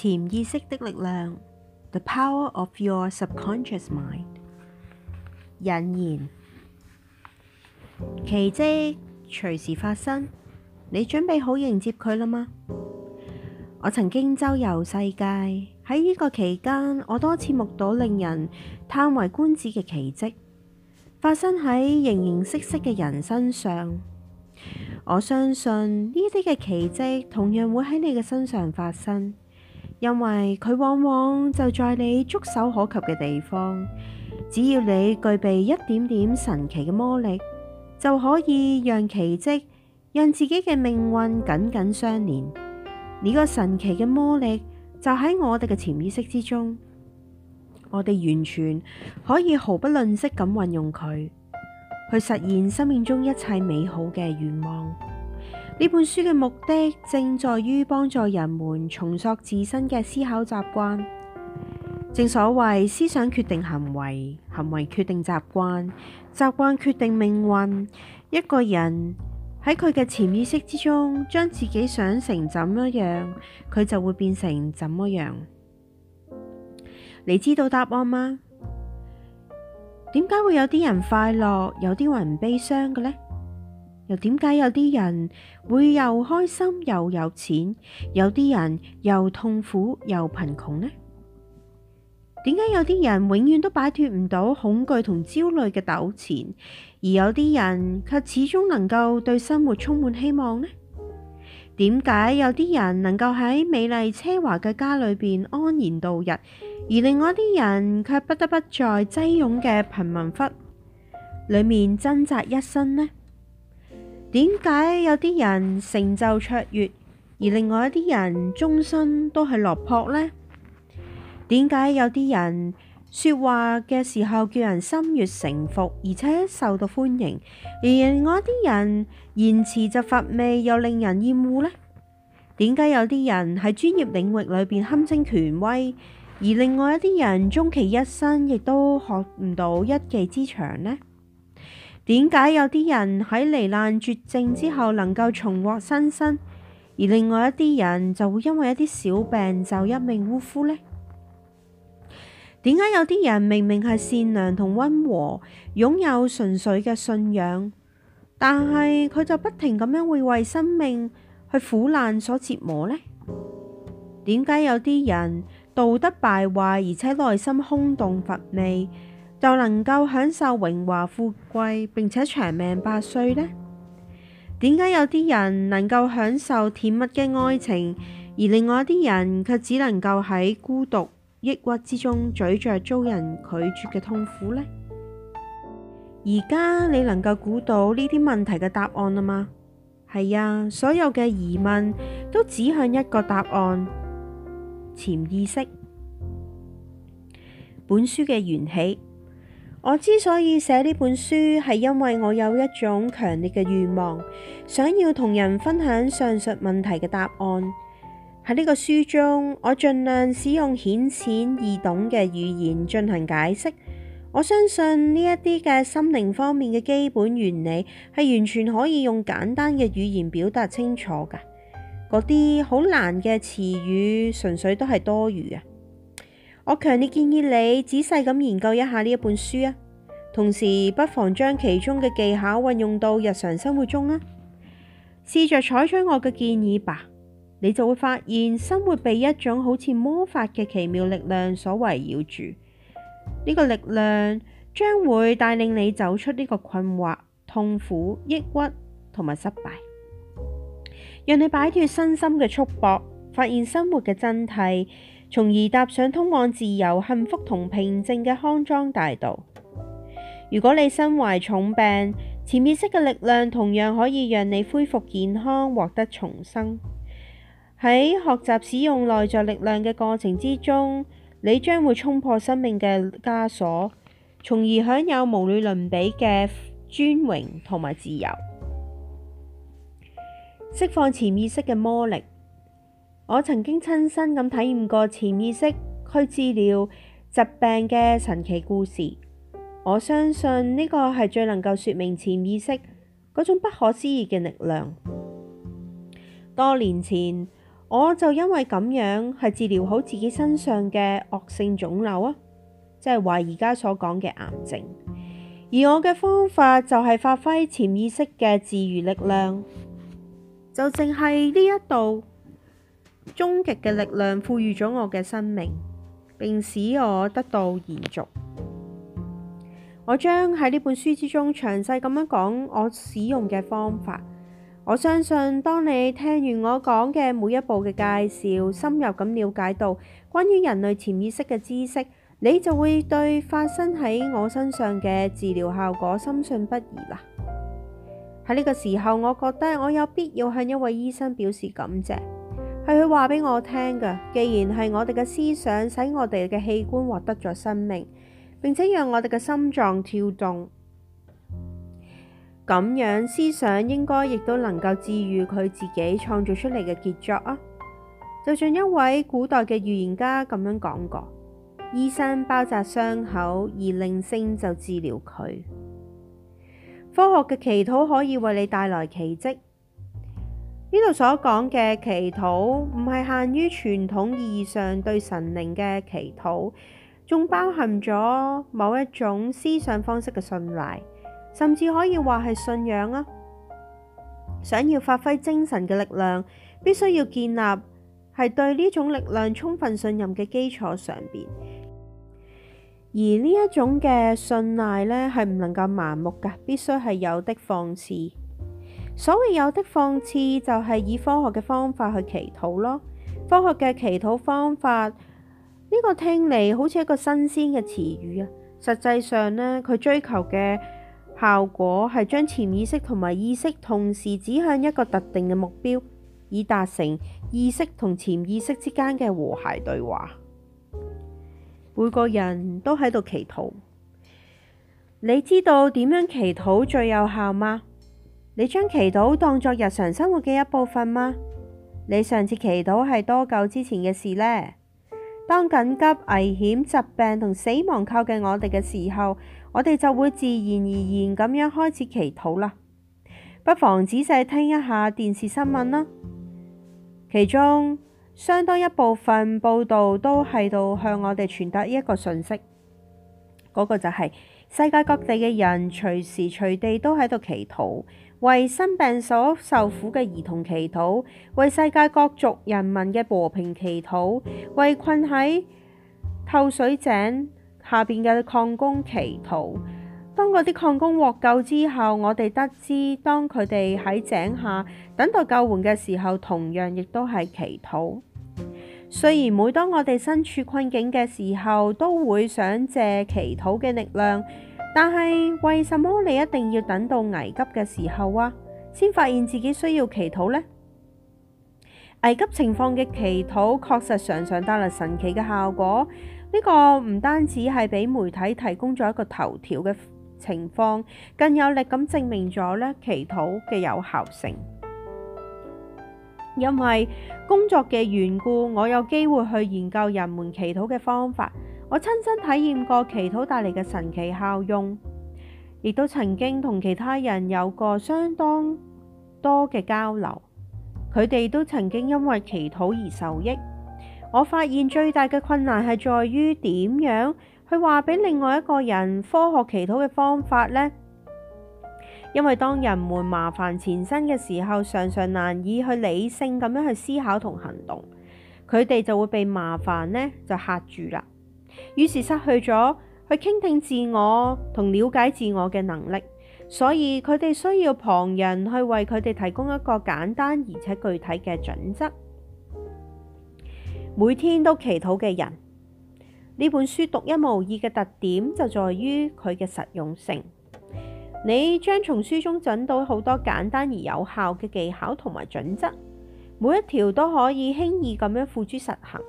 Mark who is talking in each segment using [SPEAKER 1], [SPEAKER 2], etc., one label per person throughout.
[SPEAKER 1] 潛意識的力量，The power of your subconscious mind。引言，奇蹟隨時發生，你準備好迎接佢啦嗎？我曾經周遊世界，喺呢個期間，我多次目睹令人嘆為觀止嘅奇蹟發生喺形形色色嘅人身上。我相信呢啲嘅奇蹟同樣會喺你嘅身上發生。因為佢往往就在你觸手可及嘅地方，只要你具備一點點神奇嘅魔力，就可以讓奇蹟，讓自己嘅命運緊緊相連。呢個神奇嘅魔力就喺我哋嘅潛意識之中，我哋完全可以毫不吝嗇咁運用佢，去實現生命中一切美好嘅願望。呢本書嘅目的正在於幫助人們重塑自身嘅思考習慣。正所謂思想決定行為，行為決定習慣，習慣決定命運。一個人喺佢嘅潛意識之中，將自己想成怎麼樣，佢就會變成怎麼樣。你知道答案嗎？點解會有啲人快樂，有啲人悲傷嘅呢？又點解有啲人會又開心又有錢，有啲人又痛苦又貧窮呢？點解有啲人永遠都擺脱唔到恐懼同焦慮嘅糾纏，而有啲人卻始終能夠對生活充滿希望呢？點解有啲人能夠喺美麗奢華嘅家裏邊安然度日，而另外啲人卻不得不在擠擁嘅貧民窟裡面掙扎一生呢？點解有啲人成就卓越，而另外一啲人終身都係落魄呢？點解有啲人說話嘅時候叫人心悅誠服，而且受到歡迎，而另外一啲人言辭就乏味又令人厭惡呢？點解有啲人喺專業領域裏邊堪稱權威，而另外一啲人終其一生亦都學唔到一技之長呢？點解有啲人喺罹難絕症之後能夠重獲新生，而另外一啲人就會因為一啲小病就一命嗚呼呢？點解有啲人明明係善良同溫和，擁有純粹嘅信仰，但係佢就不停咁樣會為生命去苦難所折磨呢？點解有啲人道德敗壞，而且內心空洞乏味？就能夠享受榮華富貴，並且長命百歲呢？點解有啲人能夠享受甜蜜嘅愛情，而另外一啲人卻只能夠喺孤獨抑鬱之中咀嚼遭人拒絕嘅痛苦呢？而家你能夠估到呢啲問題嘅答案啦嘛？係啊，所有嘅疑問都指向一個答案：潛意識。本書嘅緣起。我之所以寫呢本書，係因為我有一種強烈嘅願望，想要同人分享上述問題嘅答案。喺呢個書中，我盡量使用顯淺易懂嘅語言進行解釋。我相信呢一啲嘅心靈方面嘅基本原理，係完全可以用簡單嘅語言表達清楚噶。嗰啲好難嘅詞語，純粹都係多餘嘅。我強烈建議你仔細咁研究一下呢一本書啊，同時不妨將其中嘅技巧運用到日常生活中啊，試着採取我嘅建議吧，你就會發現生活被一種好似魔法嘅奇妙力量所圍繞住，呢個力量將會帶領你走出呢個困惑、痛苦、抑鬱同埋失敗，讓你擺脫身心嘅束縛，發現生活嘅真諦，從而踏上通往自由、幸福同平靜嘅康莊大道。如果你身懷重病，潛意識嘅力量同樣可以讓你恢復健康，獲得重生。喺學習使用內在力量嘅過程之中，你將會衝破生命嘅枷鎖，從而享有無與倫比嘅尊榮同埋自由。釋放潛意識嘅魔力。我曾經親身咁體驗過潛意識去治療疾病嘅神奇故事。我相信呢個係最能夠説明潛意識嗰種不可思議嘅力量。多年前我就因為咁樣係治療好自己身上嘅惡性腫瘤啊，即係話而家所講嘅癌症。而我嘅方法就係發揮潛意識嘅治癒力量，就淨係呢一度。終極嘅力量賦予咗我嘅生命，並使我得到延續。 我將喺呢本書之中詳細咁樣講我使用嘅方法。我相信當你聽完我講嘅每一步嘅介紹，深入咁了解到關於人類潛意識嘅知識，你就會對發生喺我身上嘅治療效果深信不疑啦。喺呢個時候，我覺得我有必要向一位醫生表示感謝。係佢話俾我聽嘅。既然係我哋嘅思想使我哋嘅器官獲得咗生命，並且讓我哋嘅心臟跳動，咁樣思想應該亦都能夠治愈佢自己創造出嚟嘅傑作啊！就像一位古代嘅預言家咁樣講過：醫生包紮傷口，而令聲就治療佢。科學嘅祈禱可以為你帶來奇迹。呢度所講嘅祈禱唔係限於傳統意義上對神靈嘅祈禱，仲包含咗某一種思想方式嘅信賴，甚至可以話係信仰啊。想要發揮精神嘅力量，必須要建立喺對呢種力量充分信任嘅基礎上邊，而呢一種嘅信賴呢，係唔能夠盲目噶，必須係有的放矢。所謂有的放矢，就係、是、以科學嘅方法去祈禱咯。科學嘅祈禱方法呢、這個聽嚟好似一個新鮮嘅詞語啊！實際上呢，佢追求嘅效果係將潛意識同埋意識同時指向一個特定嘅目標，以達成意識同潛意識之間嘅和諧對話。每個人都喺度祈禱，你知道點樣祈禱最有效嗎？你將祈禱當作日常生活嘅一部分嗎？你上次祈禱係多久之前嘅事呢？當緊急、危險、疾病同死亡靠近我哋嘅時候，我哋就會自然而然咁樣開始祈禱啦。不妨仔細聽一下電視新聞啦，其中相當一部分報道都係度向我哋傳達一個信息，嗰個就係世界各地嘅人隨時隨地都喺度祈禱。為生病所受苦嘅兒童祈禱，為世界各族人民嘅和平祈禱，為困喺透水井下邊嘅礦工祈禱。當嗰啲礦工獲救之後，我哋得知，當佢哋喺井下等待救援嘅時候，同樣亦都係祈禱。雖然每當我哋身處困境嘅時候，都會想借祈禱嘅力量。但係，為什麼你一定要等到危急嘅時候啊，先發現自己需要祈禱呢？危急情況嘅祈禱確實常常帶來神奇嘅效果。呢個唔單止係俾媒體提供咗一個頭條嘅情況，更有力咁證明咗咧祈禱嘅有效性。因為工作嘅緣故，我有機會去研究人們祈禱嘅方法。我親身體驗過祈禱帶嚟嘅神奇效用，亦都曾經同其他人有過相當多嘅交流。佢哋都曾經因為祈禱而受益。我發現最大嘅困難係在於點樣去話俾另外一個人科學祈禱嘅方法呢？因為當人們麻煩纏身嘅時候，常常難以去理性咁樣去思考同行動，佢哋就會被麻煩呢就嚇住啦。於是失去咗去傾聽自我同了解自我嘅能力，所以佢哋需要旁人去為佢哋提供一個簡單而且具體嘅準則。每天都祈禱嘅人，呢本書獨一無二嘅特點就在於佢嘅實用性。你將從書中揾到好多簡單而有效嘅技巧同埋準則，每一條都可以輕易咁樣付諸實行。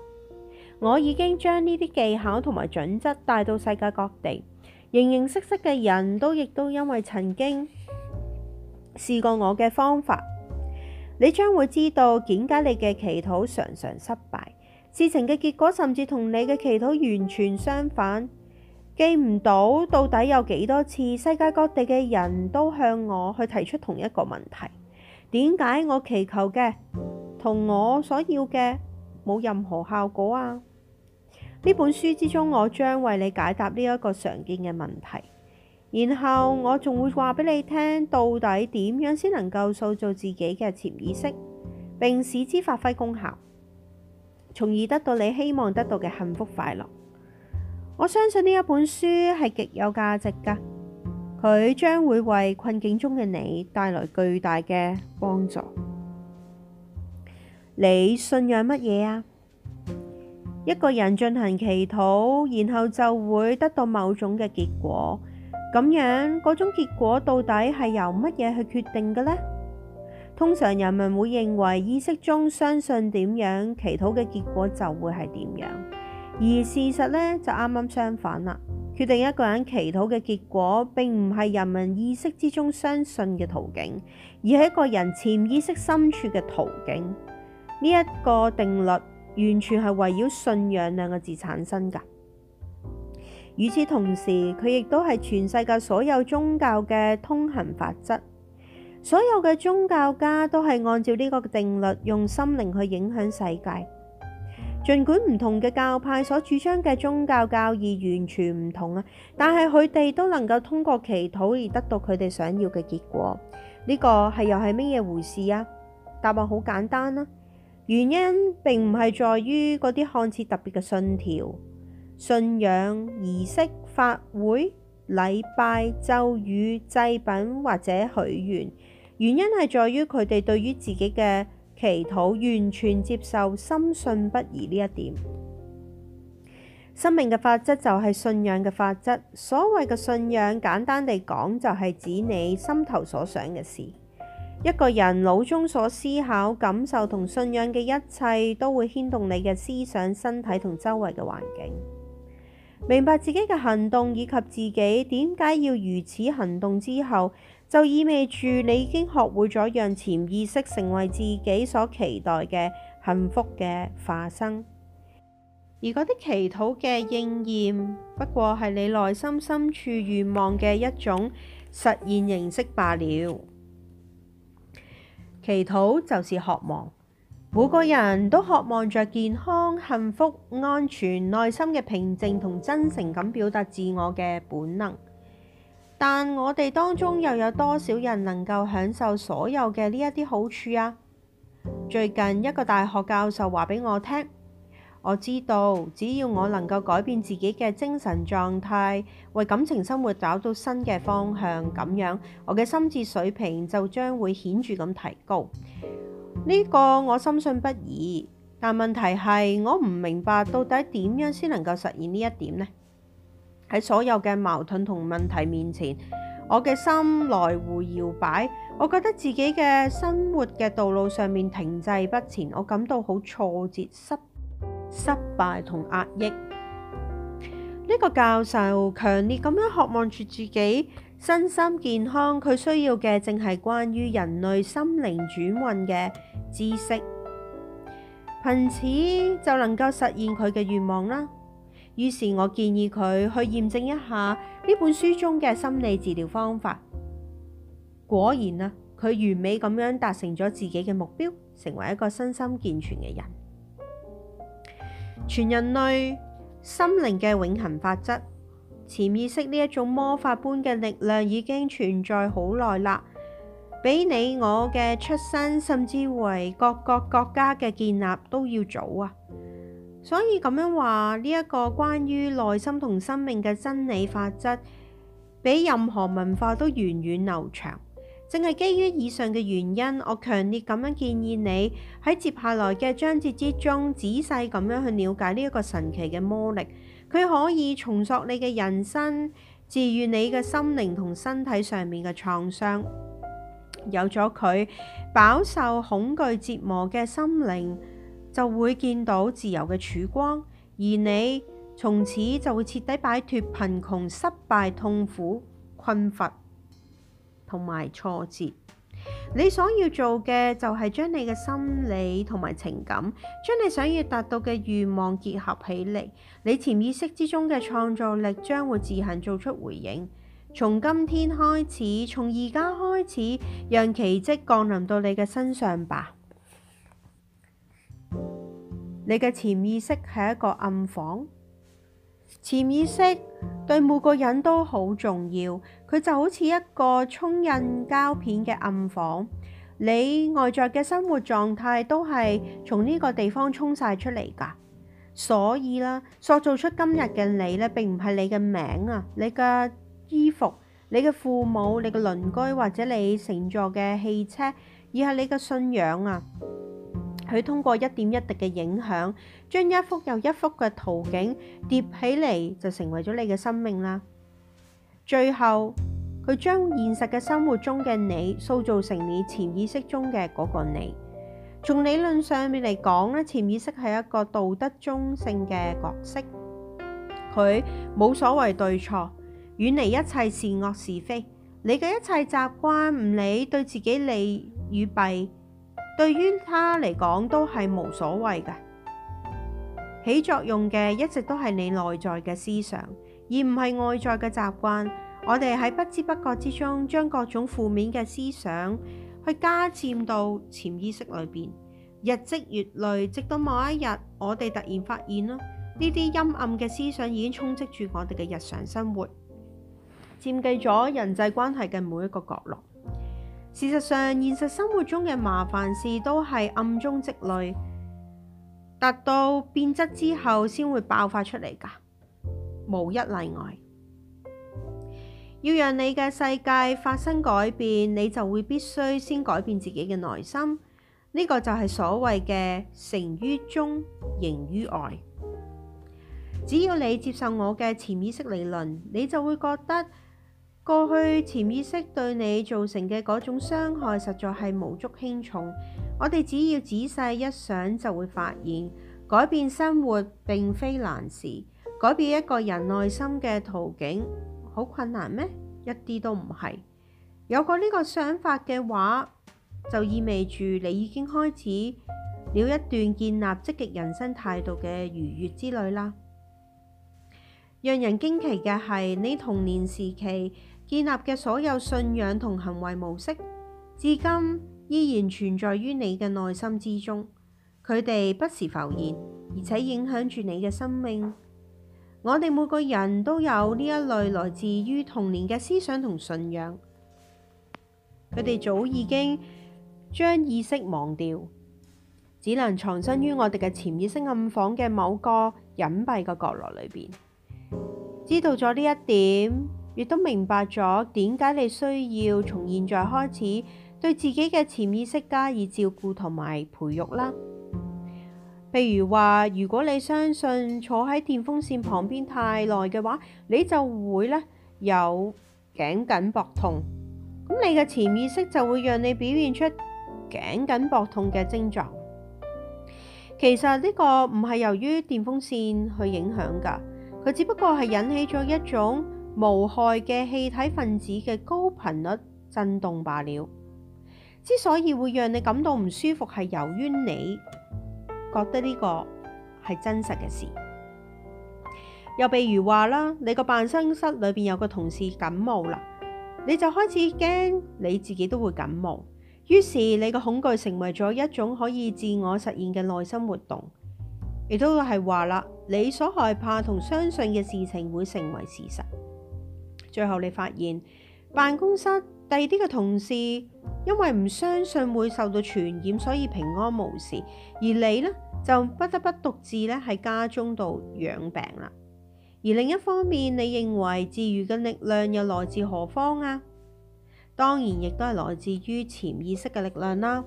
[SPEAKER 1] 我已經將呢啲技巧同埋準則帶到世界各地，形形色色嘅人都亦都因為曾經試過我嘅方法，你將會知道點解你嘅祈禱常常失敗，事情嘅結果甚至同你嘅祈禱完全相反。記唔到到底有幾多次世界各地嘅人都向我去提出同一個問題：點解我祈求嘅同我所要嘅冇任何效果啊？呢本書之中，我將為你解答呢一個常見嘅問題，然後我仲會話俾你聽，到底點樣先能夠塑造自己嘅潛意識，並使之發揮功效，從而得到你希望得到嘅幸福快樂。我相信呢一本書係極有價值噶，佢將會為困境中嘅你帶來巨大嘅幫助。你信仰乜嘢啊？一個人進行祈禱，然後就會得到某種嘅結果。咁樣嗰種結果到底係由乜嘢去決定嘅呢？通常人民會認為意識中相信點樣，祈禱嘅結果就會係點樣。而事實呢，就啱啱相反啦。決定一個人祈禱嘅結果，並唔係人民意識之中相信嘅途徑，而係一個人潛意識深處嘅途徑。呢一個定律。完全係圍繞信仰兩個字產生噶。與此同時，佢亦都係全世界所有宗教嘅通行法則。所有嘅宗教家都係按照呢個定律，用心靈去影響世界。盡管唔同嘅教派所主張嘅宗教教義完全唔同啊，但係佢哋都能夠通過祈禱而得到佢哋想要嘅結果。呢個係又係乜嘢回事啊？答案好簡單啦、啊。原因並唔係在於嗰啲看似特別嘅信條、信仰、儀式、法會、禮拜、咒語、祭品或者許願。原因係在於佢哋對於自己嘅祈禱完全接受、深信不疑呢一點。生命嘅法則就係信仰嘅法則。所謂嘅信仰，簡單地講，就係指你心頭所想嘅事。一個人腦中所思考、感受同信仰嘅一切，都會牽動你嘅思想、身體同周圍嘅環境。明白自己嘅行動以及自己點解要如此行動之後，就意味住你已經學會咗讓潛意識成為自己所期待嘅幸福嘅化身。而嗰啲祈禱嘅應驗，不過係你內心深處願望嘅一種實現形式罷了。祈禱就是渴望。每個人都渴望着健康、幸福、安全、內心嘅平靜同真誠咁表達自我嘅本能。但我哋當中又有多少人能夠享受所有嘅呢一啲好處啊？最近一個大學教授話俾我聽。我知道，只要我能夠改變自己嘅精神狀態，為感情生活找到新嘅方向，咁樣我嘅心智水平就將會顯著咁提高。呢個我深信不疑，但問題係我唔明白到底點樣先能夠實現呢一點呢？喺所有嘅矛盾同問題面前，我嘅心來回搖擺，我覺得自己嘅生活嘅道路上面停滯不前，我感到好挫折、失失敗同壓抑，呢個教授強烈咁樣渴望住自己身心健康，佢需要嘅正係關於人類心靈轉運嘅知識，憑此就能夠實現佢嘅願望啦。於是我建議佢去驗證一下呢本書中嘅心理治療方法。果然啊，佢完美咁樣達成咗自己嘅目標，成為一個身心健全嘅人。全人類心靈嘅永恒法則，潛意識呢一種魔法般嘅力量已經存在好耐啦，比你我嘅出生，甚至為各個國家嘅建立都要早啊！所以咁樣話呢一個關於內心同生命嘅真理法則，比任何文化都源遠流長。正係基於以上嘅原因，我強烈咁樣建議你喺接下來嘅章節之中，仔細咁樣去了解呢一個神奇嘅魔力。佢可以重塑你嘅人生，治癒你嘅心靈同身體上面嘅創傷。有咗佢，飽受恐懼折磨嘅心靈就會見到自由嘅曙光，而你從此就會徹底擺脫貧窮、失敗、痛苦、困乏、同埋挫折，你所要做嘅就係將你嘅心理同埋情感，將你想要達到嘅願望結合起嚟，你潛意識之中嘅創造力將會自行做出回應。從今天開始，從而家開始，讓奇蹟降臨到你嘅身上吧！你嘅潛意識係一個暗房，潛意識對每個人都好重要。佢就好似一個沖印膠片嘅暗房，你外在嘅生活狀態都係從呢個地方沖晒出嚟㗎，所以啦，塑造出今日嘅你咧，並唔係你嘅名啊，你嘅衣服、你嘅父母、你嘅鄰居或者你乘坐嘅汽車，而係你嘅信仰啊。佢通過一點一滴嘅影響，將一幅又一幅嘅圖景疊起嚟，就成為咗你嘅生命啦。最後，佢將現實嘅生活中嘅你塑造成你潛意識中嘅嗰個你。從理論上面嚟講咧，潛意識係一個道德中性嘅角色，佢冇所謂對錯，遠離一切善惡是非。你嘅一切習慣，唔理對自己利與弊，對於他嚟講都係冇所謂嘅。起作用嘅一直都係你內在嘅思想。而唔係外在嘅習慣，我哋喺不知不覺之中將各種負面嘅思想去加佔到潛意識裏邊，日積月累，直到某一日，我哋突然發現啦，呢啲陰暗嘅思想已經充斥住我哋嘅日常生活，佔據咗人際關係嘅每一個角落。事實上，現實生活中嘅麻煩事都係暗中積累，達到變質之後先會爆發出嚟㗎。無一例外，要讓你嘅世界發生改變，你就會必須先改變自己嘅內心。呢、這個就係所謂嘅成於中，形於外。只要你接受我嘅潛意識理論，你就會覺得過去潛意識對你造成嘅嗰種傷害，實在係無足輕重。我哋只要仔細一想，就會發現改變生活並非難事。改變一個人內心嘅途徑，好困難咩？一啲都唔係。有過呢個想法嘅話，就意味住你已經開始了一段建立積極人生態度嘅愉悅之旅啦。讓人驚奇嘅係，你童年時期建立嘅所有信仰同行為模式，至今依然存在於你嘅內心之中。佢哋不時浮現，而且影響住你嘅生命。我哋每個人都有呢一類來自於童年嘅思想同信仰，佢哋早已經將意識忘掉，只能藏身於我哋嘅潛意識暗房嘅某個隱蔽嘅角落裏邊。知道咗呢一點，亦都明白咗點解你需要從現在開始對自己嘅潛意識加以照顧同埋培育啦。譬如話，如果你相信坐喺電風扇旁邊太耐嘅話，你就會咧有頸緊膊痛，咁你嘅潛意識就會讓你表現出頸緊膊痛嘅症狀。其實呢個唔係由於電風扇去影響㗎，佢只不過係引起咗一種無害嘅氣體分子嘅高頻率震動罷了。之所以會讓你感到唔舒服，係由於你，覺得呢個係真實嘅事，又譬如話啦，你個辦公室裏邊有個同事感冒啦，你就開始驚你自己都會感冒，於是你嘅恐懼成為咗一種可以自我實現嘅內心活動，亦都係話啦，你所害怕同相信嘅事情會成為事實，最後你發現辦公室。第二啲嘅同事，因為唔相信會受到傳染，所以平安無事。而你呢，就不得不獨自咧喺家中度養病啦。而另一方面，你認為自愈嘅力量又來自何方啊？當然，亦都係來自於潛意識嘅力量啦。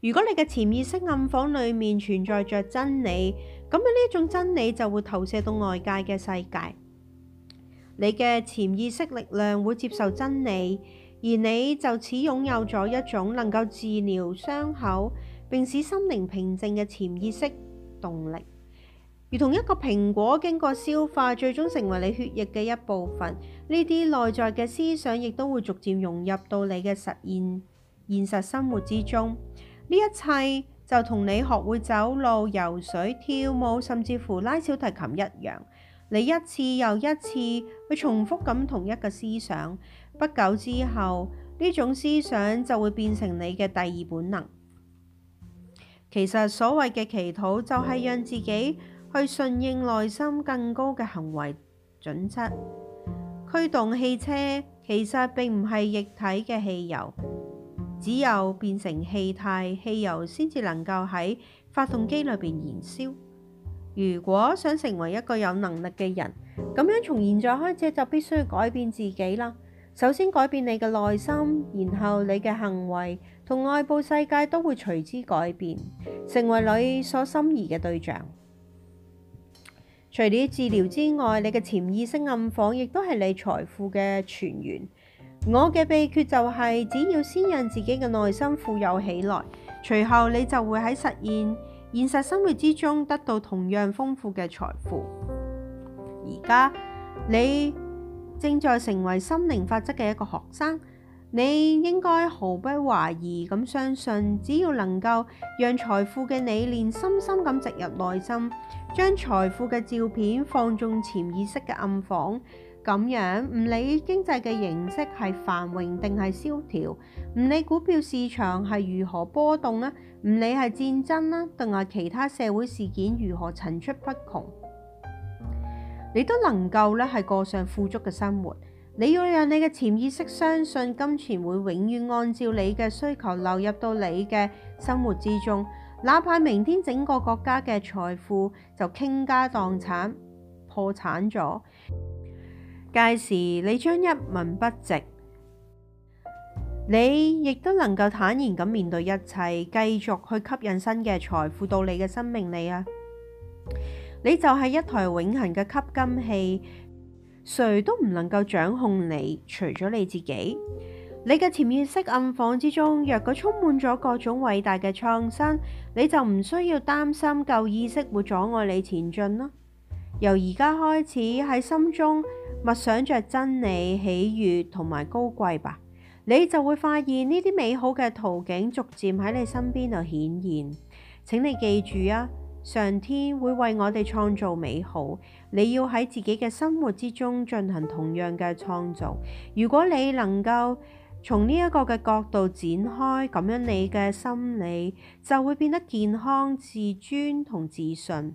[SPEAKER 1] 如果你嘅潛意識暗房裡面存在着真理，咁樣呢一種真理就會投射到外界嘅世界。你嘅潛意識力量會接受真理，而你就此擁有咗一種能夠治療傷口並使心靈平靜嘅潛意識動力。如同一個蘋果經過消化，最終成為你血液嘅一部分，呢啲內在嘅思想亦都會逐漸融入到你嘅實現現實生活之中。呢一切就同你學會走路、游水、跳舞，甚至乎拉小提琴一樣。你一次又一次去重複咁同一個思想，不久之後，呢種思想就會變成你嘅第二本能。其實所謂嘅祈禱，就係讓自己去順應內心更高嘅行為準則。驅動汽車其實並唔係液體嘅汽油，只有變成氣態，汽油先至能夠喺發動機裏邊燃燒。如果想成為一個有能力嘅人，咁樣從現在開始就必須改變自己啦。首先改變你嘅內心，然後你嘅行為同外部世界都會隨之改變，成為你所心儀嘅對象。除咗治療之外，你嘅潛意識暗房亦都係你財富嘅泉源。我嘅秘訣就係，只要先讓自己嘅內心富有起來，隨後你就會喺實現現實生活之中得到同樣豐富嘅財富。而家你正在成為心靈法則嘅一個學生，你應該毫不懷疑咁相信，只要能夠讓財富嘅理念深深咁植入內心，將財富嘅照片放中潛意識嘅暗房，咁樣唔理經濟嘅形式係繁榮定係蕭條，唔理股票市場係如何波動呢，唔理係戰爭啦，定係其他社會事件如何層出不窮，你都能夠咧係過上富足嘅生活。你要讓你嘅潛意識相信，金錢會永遠按照你嘅需求流入到你嘅生活之中。哪怕明天整個國家嘅財富就傾家蕩產、破產咗，屆時你將一文不值。你亦都能夠坦然咁面對一切，繼續去吸引新嘅財富到你嘅生命裏啊！你就係一台永恒嘅吸金器，誰都唔能夠掌控你，除咗你自己。你嘅潛意識暗房之中，若果充滿咗各種偉大嘅創新，你就唔需要擔心舊意識會阻礙你前進咯啊。由而家開始喺心中默想着真理、喜悦同埋高貴吧。你就會發現呢啲美好嘅圖景逐漸喺你身邊度顯現。請你記住啊，上天會為我哋創造美好。你要喺自己嘅生活之中進行同樣嘅創造。如果你能夠從呢一個嘅角度展開，咁樣你嘅心理就會變得健康、自尊同自信。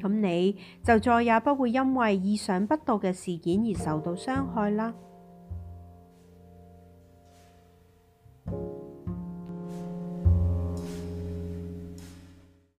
[SPEAKER 1] 咁你就再也不會因為意想不到嘅事件而受到傷害啦。